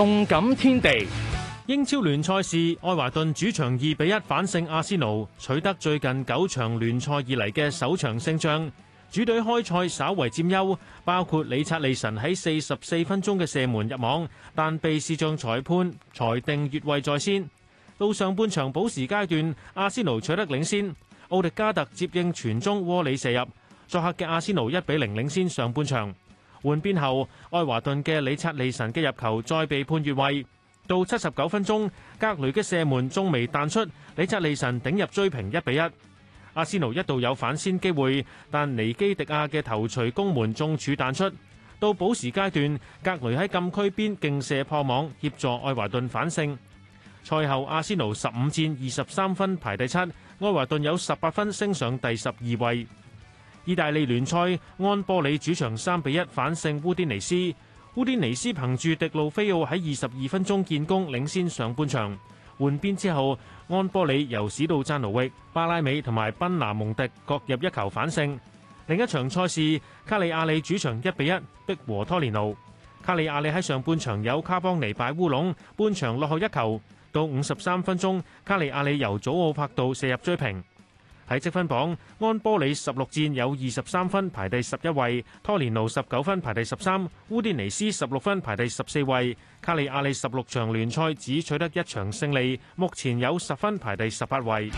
動感天地，英超聯賽事愛華頓主場二比一反勝阿仙奴，取得最近九場聯賽以嚟嘅首場勝仗。主隊開賽稍為佔優，包括李察利臣喺四十四分鐘嘅射門入網，但被視像裁判裁定越位在先。到上半場補時階段，阿仙奴取得領先，奧迪加特接應傳中窩利射入，作客嘅阿仙奴一比零領先上半場。換邊後，愛華頓嘅李察利臣嘅入球再被判越位。到七十九分鐘，格雷嘅射門中楣彈出，李察利臣頂入追平一比一。阿仙奴一度有反先機會，但尼基迪亞嘅頭槌攻門中柱彈出。到補時階段，格雷喺禁區邊勁射破網，協助愛華頓反勝。賽後，阿仙奴十五戰二十三分排第七，愛華頓有十八分升上第十二位。意大利聯賽，安波里主場三比一反勝烏甸尼斯。烏甸尼斯憑住迪路菲奧喺二十二分鐘建功，領先上半場。換邊之後，安波里由史杜贊奴域、巴拉美同埋賓拿蒙迪各入一球反勝。另一場賽事，卡里亞里主場一比一逼和托連奴。卡里亞里喺上半場有卡邦尼擺烏龍，半場落後一球。到五十三分鐘，卡里亞里由祖奧帕杜射入追平。喺積分榜，安波里十六戰有二十三分排第十一位，托連奴十九分排第十三，烏迪尼斯十六分排第十四位，卡利亞里十六場聯賽只取得一場勝利，目前有十分排第十八位。